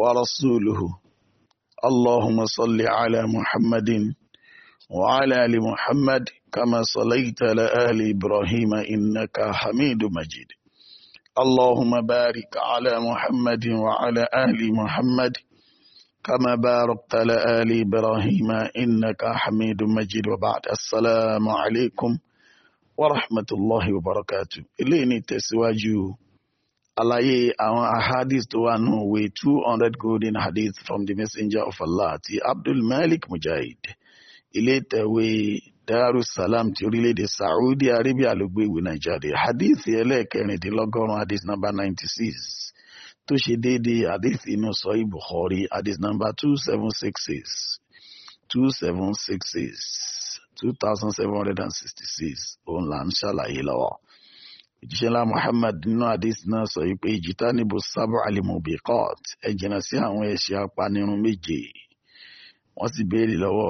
ورسوله اللهم صل على محمد وعلى آل محمد كما صليت على آل إبراهيم إنك حميد مجيد اللهم بارك على محمد وعلى آل محمد كما باركت على آل إبراهيم إنك حميد مجيد وبعد السلام عليكم ورحمة الله وبركاته إليني تسواجو àlàyé àwọn ahadith tó wà wé two hundred golden hadith from the messenger of Allah ti Abdul Malik Mujahid ilé ìtẹ̀wé Darussalam ti orílẹ̀-èdè Saudi Arabia ló gbé ìwé náà jáde hadith ẹlẹ́ẹ̀kẹrìndínlọ́gọ́rùn-ún hadith number ninety six tó ṣe déédéé hadith inú Sahih Bukhari hadith number two seven six six two seven six six two thousand seven hundred and sixty six òun là ń ṣàlàyé lọ́wọ́. ìjíṣẹ́ Muhammad nínú hadith náà sọ wípé ìjìtá níbo sábà alimobiqat ẹ sí àwọn apanirun méje wọn sì béèrè lọwọ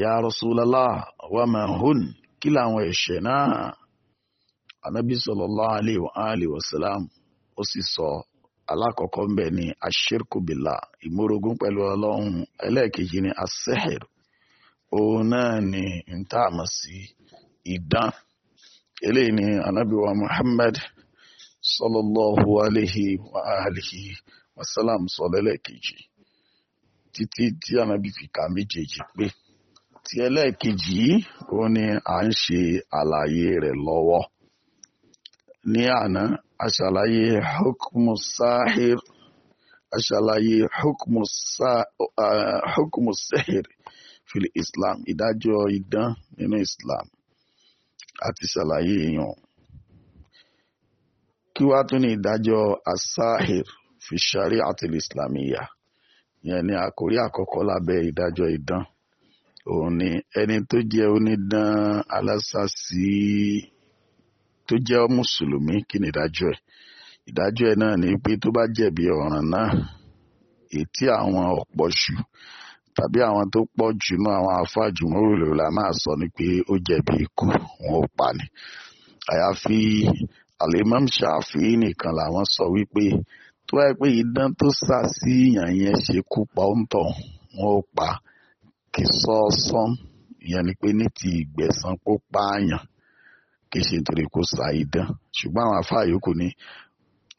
ya Rasulallah wa man hun kí làwọn ẹ̀ṣẹ̀ náà anabi sallallahu alayhi wa alihi wa salam ó sì sọ alákọ̀ọ́kọ́ ń bẹ̀ ní ní ni ń eléyìí ni anábíwa Muhammad sallallahu alayhi wa alihi wa salam sọlẹ́lẹ̀ kejì títí tí anábí fi ka méjèèjì pé ti ẹlẹ́ẹ̀kejì yìí ó ní à ń ṣe àlàyé rẹ̀ lọ́wọ́ ní àná aṣàlàyé hukmu sahir aṣàlàyé hukmu sahir eh, fil Islam ìdájọ́ idán nínú Islam àti ṣàlàyé èèyàn kí wá tún ní ìdájọ́ asahir fi sharia àti islamiyya yẹn ni àkórí àkọ́kọ́ lábẹ́ ìdájọ́ idán òun ni ẹni tó jẹ́ onídán alásàsí tó jẹ́ mùsùlùmí kí ni ìdájọ́ ẹ̀ ìdájọ́ ẹ̀ náà ni pé tó bá jẹ̀bi ọ̀ràn náà ètí àwọn ọ̀pọ̀ ṣù tàbí àwọn tó pọ̀ jù nú àwọn àáfàá jùmọ̀rò la máa sọ ni pé ó jẹ̀bi ikú wọn ò pa ni àyàfi alimam ṣàfi nìkan làwọn sọ wípé tó wáyé pé idán tó sà sí ìyàn yẹn ṣe kú pa ó ń tàn wọn ò pa kì sọ́ọ́sán ìyẹn ni pé ní ti ìgbẹ̀san kó pààyàn kì í ṣe nítorí kó sa idán ṣùgbọ́n àwọn àáfàá yòókù ni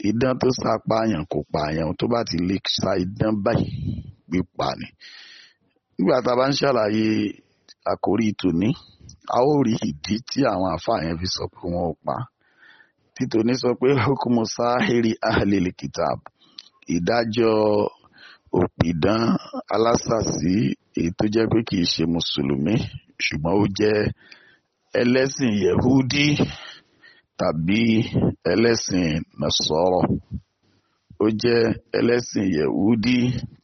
idán tó sá pààyàn kò pààyàn tó bá ti lè sa idán báyìí pípa ni nígbà tá a bá ń ṣàlàyé àkórí tòní a ó rí ìdí tí àwọn àfáà yẹn fi sọ pé wọn ò pa títòní sọ pé hukumu sahiri ahlil kitab ìdájọ́ òpìdán alásàsí èyí tó jẹ́ pé kì í ṣe mùsùlùmí ṣùgbọ́n ó jẹ́ ẹlẹ́sìn yehudi tàbí ẹlẹ́sìn nasọ́rọ̀ ó jẹ́ ẹlẹ́sìn yehudi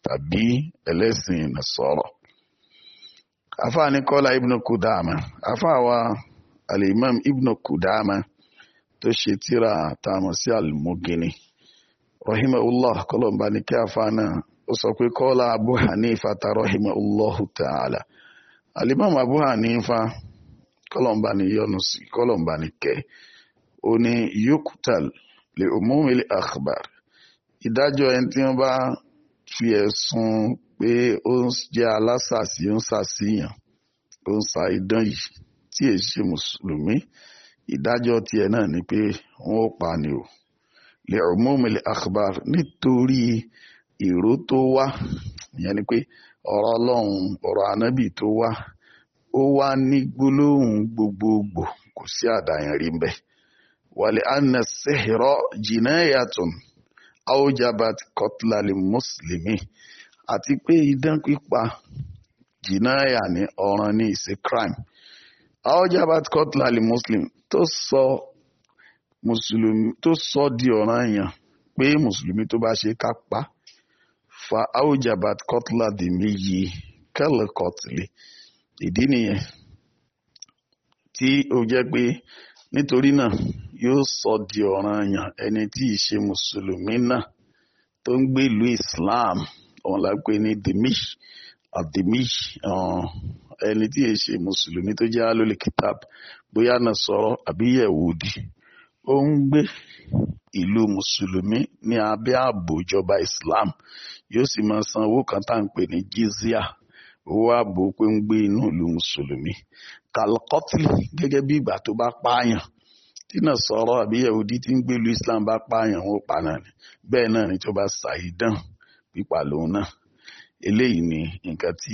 tàbí ẹlẹ́sìn nasọ́rọ̀ afa ni kọ́lá ibnu kudama afa wa alimam ibnu kudama tó ṣe tíra tààmù sí almugini rahimahullah kọlọmba ni kí afa náà ó sọ pé kọ́lá abu hanifa ta rahimahullah ta'ala alimam abu hanifa kọlọmba ni yọ́nú sí kọlọmba ni kẹ ó ní yukutal li umumil akhbar ìdájọ́ ẹni tí wọ́n bá fi ẹ̀sùn pé ó ń jẹ́ alásàsí ó ń sàṣìyàn ó ń sa idán yìí tí èyí ṣe mùsùlùmí ìdájọ́ tiẹ̀ náà ni pé wọ́n ó pa ni o lè ọ̀mọ́mìlẹ̀ akhbar nítorí ìró tó wá ìyẹn ni pé ọ̀rọ̀ ọlọ́run ọ̀rọ̀ ànábì tó wá ó wá ní gbólóhùn gbogbogbò kò sí àdáyàn rí mbẹ wàlẹ̀ anna sihra jinayatun aujabat kotlali mùsùlùmí àti pé idán pípa jìnnáyà ní ọ̀ràn ní ìṣe crime aljabat kotlali muslim tó sọ mùsùlùmí tó sọ di ọ̀ràn pé mùsùlùmí fa aljabat kotlali méjì ìdí nìyẹn tí ó pé nítorí náà yóò sọ di ọ̀ràn ẹni tí ì ṣe mùsùlùmí náà tó ń islam òun la pè ní dimish adimish ẹni tí èyí ṣe mùsùlùmí tó jẹ́ alólè kitab bóyá náà sọ̀rọ̀ àbí yẹ̀wùdì ó ń gbé ìlú mùsùlùmí ní abẹ́ ààbò ìjọba islam yóò sì máa san owó kan tá à ń pè ní jizya owó ààbò pé ń gbé inú ìlú mùsùlùmí kalkotli gẹ́gẹ́ bí ìgbà tó bá pààyàn tí náà sọ̀rọ̀ àbí yẹ̀wùdí tí ń gbé ìlú islam bá pààyàn wọn pa náà bẹ́ẹ̀ náà ni tó bá ṣàìdán pípa lòun náà eléyìí ni nǹkan tí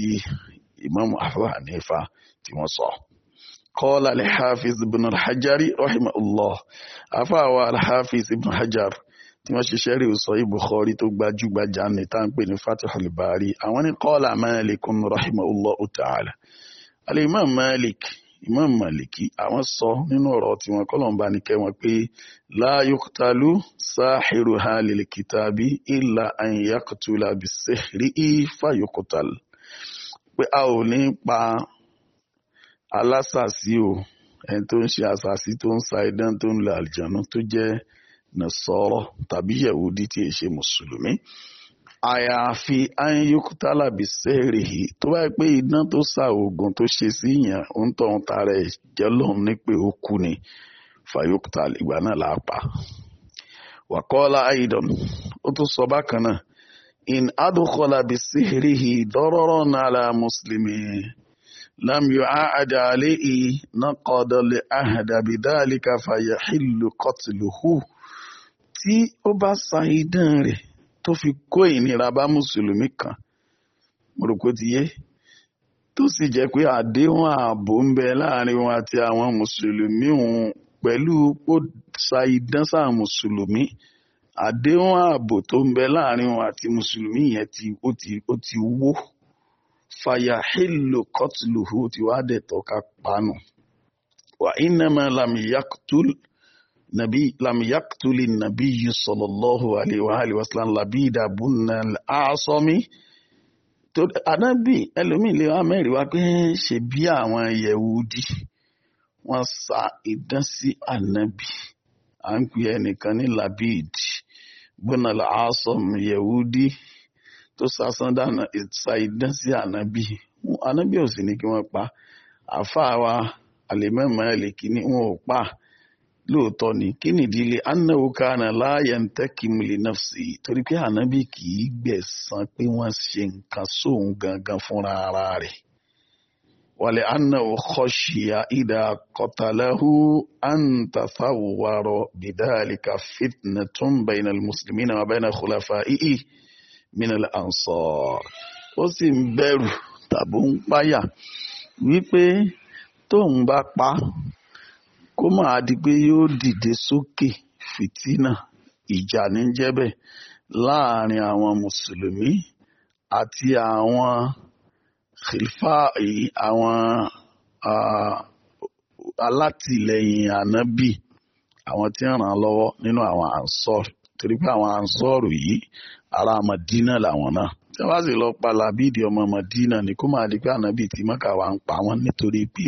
imam abu hanifa tí wọ́n sọ. kọ́lá alhafiz ibn alhajari rahimahullah afáwa alhafiz ibn hajar tí wọ́n ṣiṣẹ́ rí sọ ibùkhari tó gbajúgbajà ní tá ń pè ní fatihul bari àwọn ní kọ́lá malikun rahimahullah ta'ala alimam malik imam maliki àwọn sọ nínú ọ̀rọ̀ tiwọn kọ́lọ̀mbà ní kẹwọn pé la yuqtalu sáàhìrù halil kitabi illa an yaqtula bisihri fayuqtal pé a ò ní pa alásàsí o ẹni tó ń ṣe àsàsí tó ń sa idán tó ń lo àlìjànú tó jẹ́ nàṣọ́rọ̀ tàbí yẹ̀wò dí tí mùsùlùmí àyàfi anyukutala bisẹ́ẹ̀rì tó bá pé idán tó sa oògùn tó ṣe sí yàn ń tọ́ ń tara ẹ̀ jẹ́ lọ́hùn ní pé ó kú ni fayokutala ìgbà náà là á pa. wàkọ́lá aidan ó tún sọ bákan náà in adukọ́lá bisẹ́ẹ̀rì dọ́rọ́rọ́ nàlá mùsùlùmí lam yu'aad alayhi naqada li ahada bidhalika fayahilu qatluhu tí ó bá sa idán rẹ̀ tó fi kó ìnira bá mùsùlùmí kan mo rò kó ti yé tó sì jẹ́ pé àdéhùn ààbò ń bẹ láàrin wọn àti àwọn mùsùlùmí òun pẹ̀lú pò sa idán sáà mùsùlùmí àdéhùn ààbò tó ń bẹ láàrin wọn àti mùsùlùmí yẹn ti ó ti ó ti wó fàyà hélò kọtùlùhù tí wàá dẹ̀ tọ́ka panu wà ìnàmọ́ làmìyàkùtù nabi lam yaktuli nabi sallallahu alayhi wa alayhi wa sallam labida bunna asomi tó anábì ẹlòmíì lè wá mẹ́rin wá pé ṣe bí àwọn yẹ̀wùdí wọ́n sa idán sí anábì à ń pè ẹnìkan ní labid bunna asom yẹ̀wùdí tó sasán dáná sa idán sí anábì anábì ò sì ní kí wọ́n pa àfáà wa àlèmọ́ ìmọ̀ ẹ̀lẹ́kì ni wọ́n ò pa á lóòótọ́ ni kí nìdílé annahu kana la yantakim li nafsi torí pé ànábì kì í gbẹ̀san pé wọ́n ṣe nǹkan sóun gangan fúnra ara rẹ̀ wàlẹ̀ annahu khashiya idha qatalahu an tathawwara bidhalika fitnatun bainal muslimina wa bainal khulafa'ihi minal ansar ó sì ń bẹ̀rù tàbí ń páyà wípé tóun bá pa kó máa di pé yóò dìde sókè fìtínà ìjà ní jẹ́bẹ̀ láàrin àwọn mùsùlùmí àti àwọn khilfa yìí àwọn alátìlẹyìn ànábì àwọn tí ń ràn án lọ́wọ́ nínú àwọn ansor torí pé àwọn ansor yìí ará Madina làwọn náà tí wọ́n sì lọ pa Làbídì ọmọ Madina ni kó máa di pé ànábì tí Mọ́kà wà ń pa wọ́n nítorí pé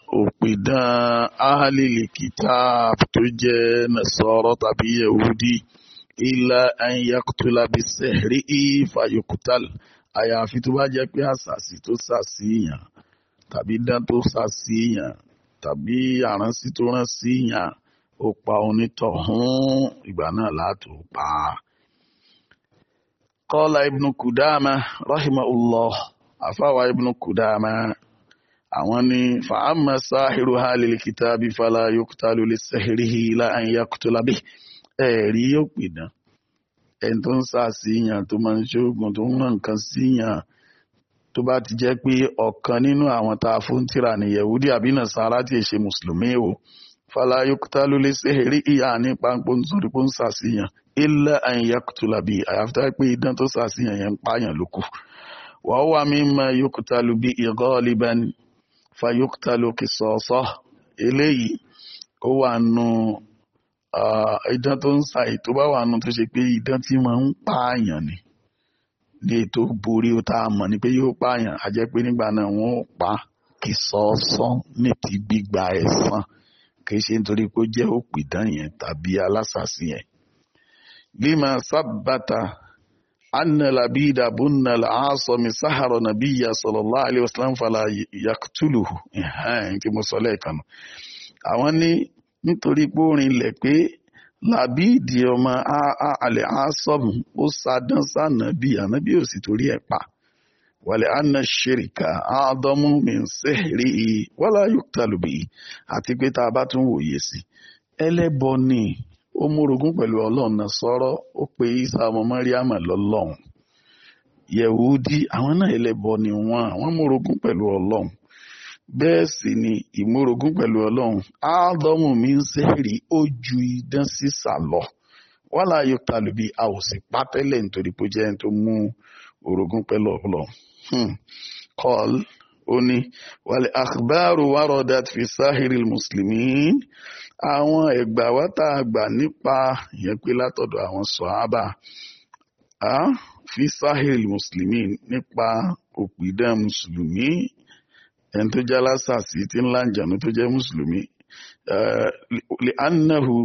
òpìdán ahlil kitab tó jẹ́ nasọ́rọ́ tàbí yahudi illa an yaqtula bisihri fayuqtal àyàfi tó bá jẹ́ pé àṣàṣì tó ṣàṣì yàn tàbí dán tó ṣàṣì yàn tàbí àránsí tó rán sí yàn ó pa onítọ̀hún ìgbà náà láti pa á. qala ibnu rahimahullah àfáwà ibnu kudama àwọn ní fàámà sáàhìrò ha lè kìtà bí fàlà yókùtà ló lè sẹ́hìrì ilá àyíyá kùtò lábẹ́ ẹ̀rí yóò pè dán ẹni tó ń sà síyàn tó máa ń ṣoògùn tó ń ràn nǹkan síyàn tó bá ti jẹ́ pé ọ̀kan nínú àwọn tá a fún tíra ní yẹ̀wúdí àbí nàṣàrà tí èṣe mùsùlùmí o fàlà yókùtà ló lè sẹ́hìrì ìyá nípa pọ́n sórí pọ́n pé idán tó síyàn yẹn ń pààyàn lókù wàá fayókítàló kìsọ̀ọ̀sọ́ eléyìí ó wà nù idán tó ń sa ètò bá wà nù tó ṣe pé idán tí máa ń pààyàn ni ní ètò borí ó tá a mọ̀ ni pé yóò pààyàn a jẹ́ pé nígbà náà wọ́n ó pa kìsọ̀ọ̀sọ́ ní ti gbígba ẹ̀san kì í ṣe nítorí pé ó jẹ́ òpìdán yẹn tàbí alásàsí yẹn. lima sábàtà أن لبيد بن العاصم سحر نبي صلى الله عليه وسلم فلا يقتله ẹ̀hẹ́n tí mo sọ lẹ́ẹ̀kan àwọn ní nítorí pé ó pé làbíìdì ọmọ àlẹ́ àásọ̀m ó sadán sànàbí ànábí ò torí ẹ̀ wàlẹ̀ àna ó ogun pẹ̀lú ọlọ́run náà sọ̀rọ̀ ó pe isa ọmọ mọ́ríàmà lọ́lọ́run yẹ̀wúdí àwọn náà ẹlẹ́bọ ni wọ́n àwọn múrogún pẹ̀lú ọlọ́run bẹ́ẹ̀ sì ni ìmúrogún pẹ̀lú ọlọ́run áádọ́mù mi ń sẹ́rí idán sísà lọ wọ́n a ò sì pa tẹ́lẹ̀ nítorí pé ó jẹ́ ẹni tó mú ó ní wàlẹ̀ akhbaru waradat fi sahiril muslimin àwọn ẹ̀gbà wá tá a gbà nípa ìyẹn pé látọ̀dọ̀ àwọn sọ̀hábà fi sahiril muslimin nípa òpìdán mùsùlùmí ẹni tó jẹ́ alásàsì tí ńlá ìjànú tó jẹ́ mùsùlùmí li annahu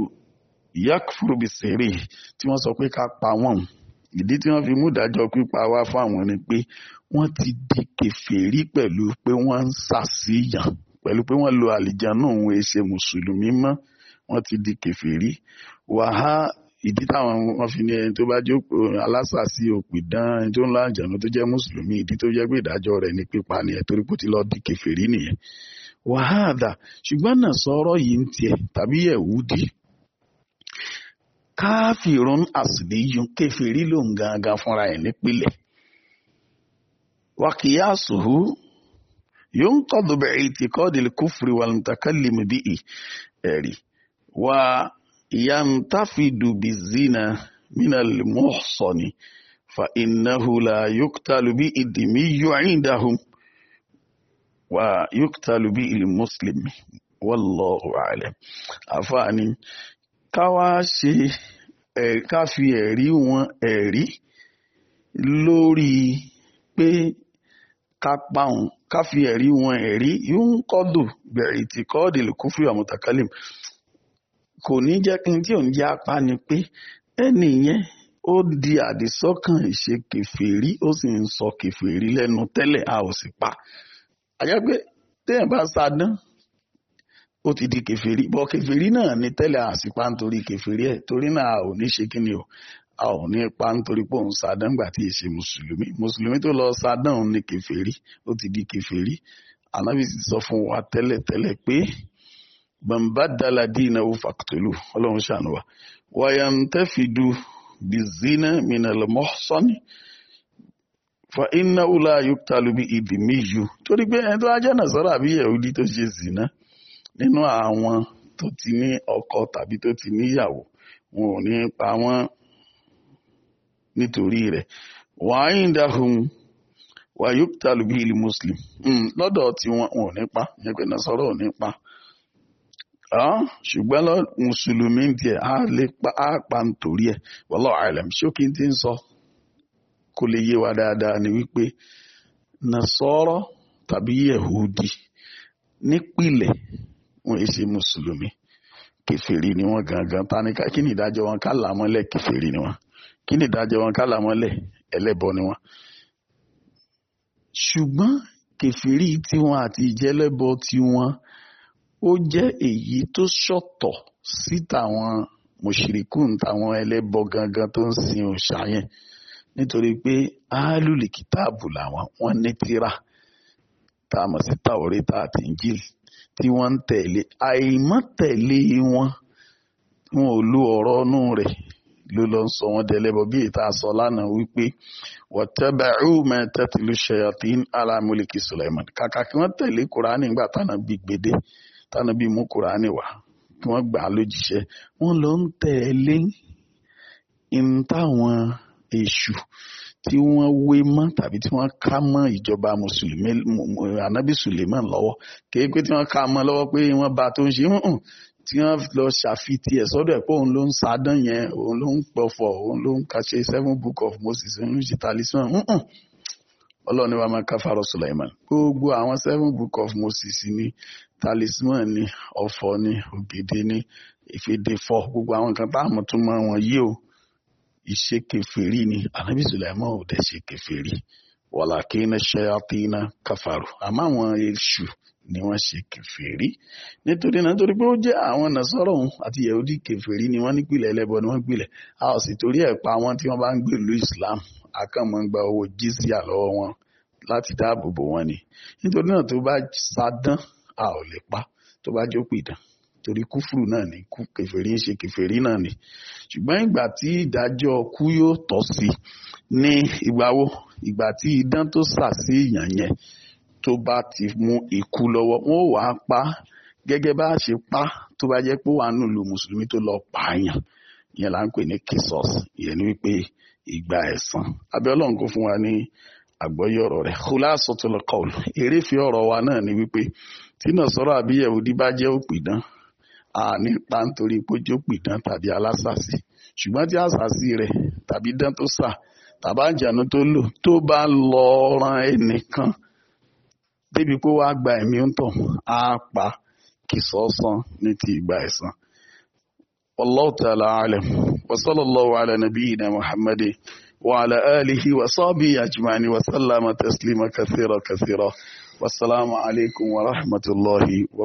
yakfuru bisiri tí wọ́n sọ pé ká pa wọ́n ìdí tí wọ́n fi mú ìdájọ́ pípa wá fáwọn ni pé wọ́n ti di kèfèrí pẹ̀lú pé wọ́n ń ṣàṣìyàn pẹ̀lú pé wọ́n lo àlìjáná òun èṣe mùsùlùmí mọ́ wọ́n ti di kèfèrí wàhá ìdí táwọn wọ́n fi ní ẹni tó bá jókòó alásàsí òpìdán ẹni tó ń lọ àjànà tó jẹ́ mùsùlùmí ìdí tó jẹ́ pé ìdájọ́ rẹ̀ ní pípa nìyẹn torí pé ó ti lọ di kèfèrí nìyẹn wàhádà ṣùgbọ́n náà sọ̀rọ̀ yìí ń tiẹ̀ tàbí yẹ̀wúdí káfìrún àsìdíyún kẹfìrí lòun gangan fúnra ẹ̀ nípìnlẹ̀ wákìyà sùhú yóò ń kọ́ dùbẹ̀ ìtì kọ́ dìlì kúfùrì wà lùtàkàlì mi bí i ẹ̀rí wà ìyá ń zina mina lè fa ìnáhu yókùtàlù bí ìdìmí yóò àyíndàhùn wà yókùtàlù bí ìlú mùsùlùmí wàlọ́ọ̀rọ̀ àlẹ́ àfáàní ká wá ṣe ká fi ẹ̀rí wọn ẹ̀rí lórí pé ká pa òun ká fi ẹ̀rí wọn ẹ̀rí yóò ń kọ́dù bẹ̀rẹ̀ tí kọ́ọ̀dì lè kún fún àmọ̀tàkálẹ̀ kò ní jẹ́ kí n tí òun jẹ́ apá ni pé ẹnì yẹn ó di àdìsọ́kàn ìṣe kẹfẹ́rí ó sì ń sọ kẹfẹ́rí lẹ́nu tẹ́lẹ̀ a ò sì pa àyàgbé téèyàn bá sadán ó ti di kèfèrí bọ́ kèfèrí náà ní tẹ́lẹ̀ àsìpá nítorí kèfèrí ẹ̀ torí náà a ò ní ṣe kí ni o a ò ní pa nítorí pé òun sàdán gbà tí èsì mùsùlùmí mùsùlùmí tó lọ sàdán òun ní kèfèrí ó ti di kèfèrí ànábì ti sọ fún wa tẹ́lẹ̀ tẹ́lẹ̀ pé bàbá dala dina ó fàkùtòlù ọlọ́run ṣàánú wa wàyàntẹ́fìdù bizina minalmọ́sán fa iná ula yuktalu bí ìdìmíyù torí pé ẹni tó ajá nàṣọ́rà bí yẹ̀wò dí tó ṣe zina. nínú àwọn tó ti ní ọkọ tàbí tó ti níyàwó wọn ò ní pa wọn nítorí rẹ̀ wàáyíndàhùn wàyúpítàlù bíi ilé muslim hmm, lọ́dọ̀ tí wọn ò ní pa yẹn pé nasọ́rọ̀ ò ní pa ṣùgbọ́n lọ mùsùlùmí díẹ̀ á lè pa á pa nítorí ẹ̀ wọ́lọ́ àìlẹ̀m ṣókí tí ń sọ kó lè yé wa dáadáa ni wípé nasọ́rọ̀ tàbí yẹ̀húdì nípìlẹ̀ wọn èsì mùsùlùmí kẹfìrí ni wọn gangan tani kí ni ìdájọ́ wọn ká là mọ́lẹ̀ kẹfìrí ni wọn kí ni ìdájọ́ wọn ká là mọ́lẹ̀ ẹlẹ́bọ ni wọn. ṣùgbọ́n kẹfìrí tiwọn àti ìjẹ́lẹ́bọ tiwọn ó jẹ́ èyí tó ṣọ̀tọ̀ sí tàwọn mùṣìríkùn táwọn ẹlẹ́bọ gangan tó ń sin òòṣà yẹn nítorí pé áálùlì kìtáàbù làwọn wọn ní tírà tá a mọ̀ sí tàwọ́rẹ́tà àti ìnjílì tí wọ́n ń tẹ̀lé àìmọ́tẹ̀lé wọn wọn ò lu ọ̀rọ̀ ọnú rẹ̀ ló lọ sọ wọn dẹlẹ́bọ bí ìta sọ lánàá wípé wọtẹbẹrù mẹtẹtìlú ṣẹyàtì alámúlìkì Sulaiman kàkà kí wọ́n tẹ̀lé kuraani nígbà tánà bí gbèdé tánà bí mú kuraani wá kí wọ́n gbà á lójíṣẹ́ wọ́n lọ ń tẹ̀lé ń táwọn èṣù tí wọ́n wé mọ́ tàbí tí wọ́n ká mọ́ ìjọba mùsùlùmí ànábì sùlẹ̀mọ́ lọ́wọ́ kéé pé tí wọ́n ká mọ́ lọ́wọ́ pé wọ́n bá tó ń ṣe hàn tí wọ́n lọ ṣàfitì ẹ̀ sọ́dọ̀ ẹ̀ pé òun ló ń sadán yẹn òun ló ń pọ̀fọ̀ òun ló ń kàṣe seven book of Moses òun ló ń ṣe talisman ọlọ́ni wa máa ká farọ́ Sulaiman gbogbo àwọn seven book of Moses ni talisman ni ọ̀fọ̀ ni ògèdè ni ìfèdèfọ̀ gbogbo àwọn nǹkan tá àmọ́ tún mọ́ wọn o iṣẹ́ kẹfẹ́rí ni anabi sulaiman ò dẹ̀ ṣe kẹfẹ́rí wàlàkínà ṣayatina káfàrò àmọ́ àwọn èṣù ni wọ́n ṣe kẹfẹ́rí nítorí náà torí pé ó jẹ́ àwọn nàṣọ́rọ̀ òun àti yahudi kẹfẹ́rí ni wọ́n nípìnlẹ̀ ẹlẹ́bọ ni wọ́n gbìlẹ̀ a ò sì torí ẹ̀ pa wọn tí wọ́n bá ń gbé ìlú islam akànmọ́ gba owó jizya lọ́wọ́ wọn láti dáàbò bò wọn ni nítorí náà tó bá sadán a ò lè pa tó bá jókòó ìdán torí kúfùrù náà ni kèfèrí ń ṣe kèfèrí náà ni ṣùgbọ́n ìgbà tí ìdájọ́ kú yóò tọ́ sí ní ìgbà wo ìgbà tí idán tó sà sí èèyàn yẹn tó bá ti mú ikú lọ́wọ́ wọn ò wá pa gẹ́gẹ́ bá a ṣe pa tó bá jẹ́ pé wàá nù lu mùsùlùmí tó lọ pààyàn ìyẹn là ń pè ní kisos ìyẹn ni wípé ìgbà ẹ̀san abẹ́ ọlọ́run kò fún wa ní àgbọ́yé ọ̀rọ̀ rẹ̀ khulasatul qawl èrè fi ọ̀rọ̀ wa náà ni wípé tí náà sọ̀rọ̀ àbí Yẹhudi bá jẹ́ òpìdán a nípa nítorí pójó pìdán tàbí alásàsí ṣùgbọ́n tí àsàsí rẹ̀ tàbí dán tó sà tàbá àjànú tó lò tó bá lọ ran ẹnìkan débi pé wàá gba ẹ̀mí ń tọ̀ á pa kì sọ́sán ní ti ìgbà ẹ̀san. Wallahu ta'ala alam wa sallallahu ala nabiyyina Muhammadin wa ala alihi wa sahbihi ajma'in wa sallama taslima kathira kathira. Wassalamu alaikum